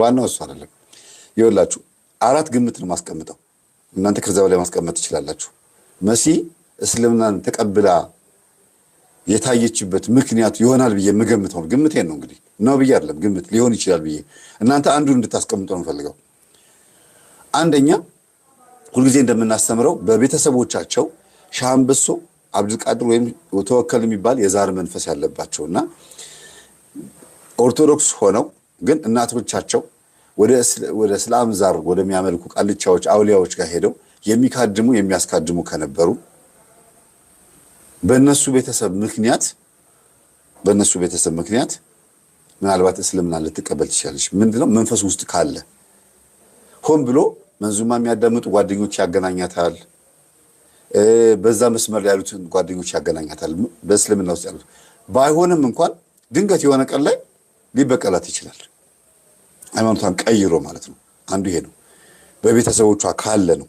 ዋናው እሱ አይደለም። ይኸውላችሁ አራት ግምት ነው ማስቀምጠው። እናንተ ከዛ በላይ ማስቀመጥ ትችላላችሁ። መሲ እስልምናን ተቀብላ የታየችበት ምክንያት ይሆናል ብዬ የምገምተው ግምቴን ነው እንግዲህ ነው ብዬ አይደለም ግምት ሊሆን ይችላል ብዬ እናንተ አንዱን እንድታስቀምጠው ነው ፈልገው። አንደኛ ሁልጊዜ እንደምናስተምረው በቤተሰቦቻቸው ሻምበሶ አብዱልቃድር ወይም ተወከል የሚባል የዛር መንፈስ ያለባቸው እና ኦርቶዶክስ ሆነው ግን እናቶቻቸው ወደ ስላም ዛር ወደሚያመልኩ ቃልቻዎች፣ አውሊያዎች ጋር ሄደው የሚካድሙ የሚያስካድሙ ከነበሩ በእነሱ ቤተሰብ ምክንያት በእነሱ ቤተሰብ ምክንያት ምናልባት እስልምና ልትቀበል ትችላለች። ምንድነው መንፈስ ውስጥ ካለ ሆን ብሎ መንዙማ የሚያዳምጡ ጓደኞች ያገናኛታል። በዛ መስመር ያሉትን ጓደኞች ያገናኛታል። በእስልምና ውስጥ ያሉት ባይሆንም እንኳን ድንገት የሆነ ቀን ላይ ሊበቀላት ይችላል። ሃይማኖቷን ቀይሮ ማለት ነው። አንዱ ይሄ ነው። በቤተሰቦቿ ካለ ነው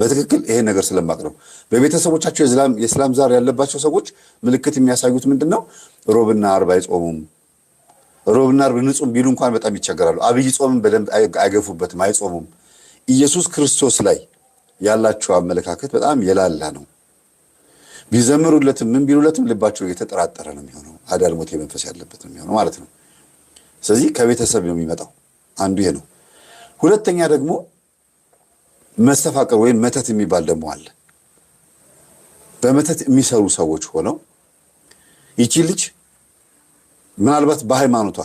በትክክል ይሄ ነገር ስለማቅ ነው። በቤተሰቦቻቸው የእስላም ዛር ያለባቸው ሰዎች ምልክት የሚያሳዩት ምንድን ነው? ሮብና አርብ አይጾሙም። ሮብና አርብ ንጹም ቢሉ እንኳን በጣም ይቸገራሉ። አብይ ጾምን በደንብ አይገፉበትም፣ አይጾሙም። ኢየሱስ ክርስቶስ ላይ ያላቸው አመለካከት በጣም የላላ ነው። ቢዘምሩለትም ምን ቢሉለትም ልባቸው እየተጠራጠረ ነው የሚሆነው። አዳልሞት መንፈስ ያለበት ነው የሚሆነው ማለት ነው። ስለዚህ ከቤተሰብ ነው የሚመጣው። አንዱ ይሄ ነው። ሁለተኛ ደግሞ መስተፋቅር ወይም መተት የሚባል ደግሞ አለ። በመተት የሚሰሩ ሰዎች ሆነው ይቺ ልጅ ምናልባት በሃይማኖቷ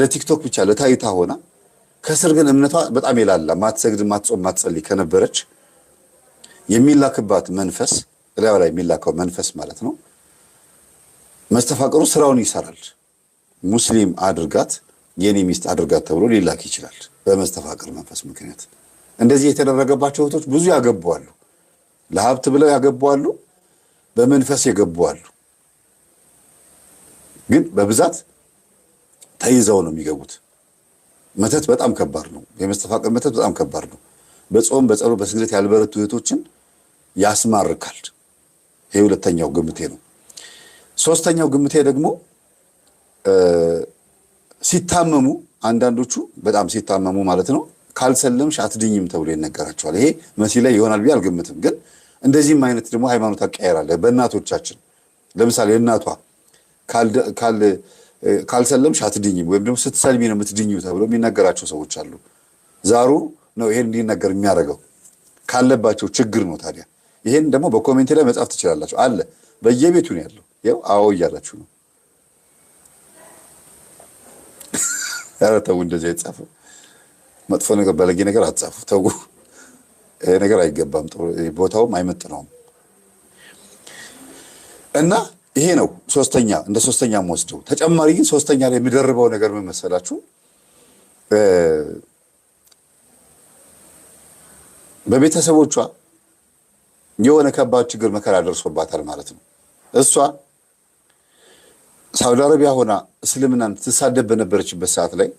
ለቲክቶክ ብቻ ለታይታ ሆና ከስር ግን እምነቷ በጣም ይላላ ማትሰግድ፣ ማትጾም፣ ማትጸልይ ከነበረች የሚላክባት መንፈስ ላዩ ላይ የሚላከው መንፈስ ማለት ነው። መስተፋቀሩ ስራውን ይሰራል። ሙስሊም አድርጋት የኔ ሚስት አድርጋት ተብሎ ሊላክ ይችላል። በመስተፋቅር መንፈስ ምክንያት እንደዚህ የተደረገባቸው እህቶች ብዙ ያገቡዋሉ። ለሀብት ብለው ያገቡዋሉ፣ በመንፈስ የገቡዋሉ። ግን በብዛት ተይዘው ነው የሚገቡት። መተት በጣም ከባድ ነው። የመስተፋቅር መተት በጣም ከባድ ነው። በጾም በጸሎት በስግደት ያልበረቱ እህቶችን ያስማርካል። ይሄ ሁለተኛው ግምቴ ነው። ሶስተኛው ግምቴ ደግሞ ሲታመሙ አንዳንዶቹ በጣም ሲታመሙ ማለት ነው ካልሰለምሽ አትድኝም ተብሎ ይነገራቸዋል። ይሄ መሲህ ላይ ይሆናል ብዬ አልገምትም። ግን እንደዚህም አይነት ደግሞ ሃይማኖት አቀያየር አለ። በእናቶቻችን ለምሳሌ እናቷ ካልሰለምሽ አትድኝም ወይም ደግሞ ስትሰልሚ ነው የምትድኝው ተብሎ የሚነገራቸው ሰዎች አሉ። ዛሩ ነው ይሄን እንዲነገር የሚያደርገው ካለባቸው ችግር ነው። ታዲያ ይሄን ደግሞ በኮሜንቴ ላይ መጻፍ ትችላላችሁ። አለ በየቤቱ ነው ያለው። ያው አዎ እያላችሁ ነው። ኧረ ተው፣ እንደዚህ አይጻፍም። መጥፎ ነገር በለጌ ነገር አትጻፉ፣ ተው። ይሄ ነገር አይገባም፣ ቦታውም አይመጥነውም። እና ይሄ ነው ሶስተኛ፣ እንደ ሶስተኛ ወስደው ተጨማሪ ግን ሶስተኛ ላይ የሚደርበው ነገር ምን መሰላችሁ? በቤተሰቦቿ የሆነ ከባድ ችግር መከራ ደርሶባታል ማለት ነው እሷ ሳውዲ አረቢያ ሆና እስልምናን ትሳደብ በነበረችበት ሰዓት ላይ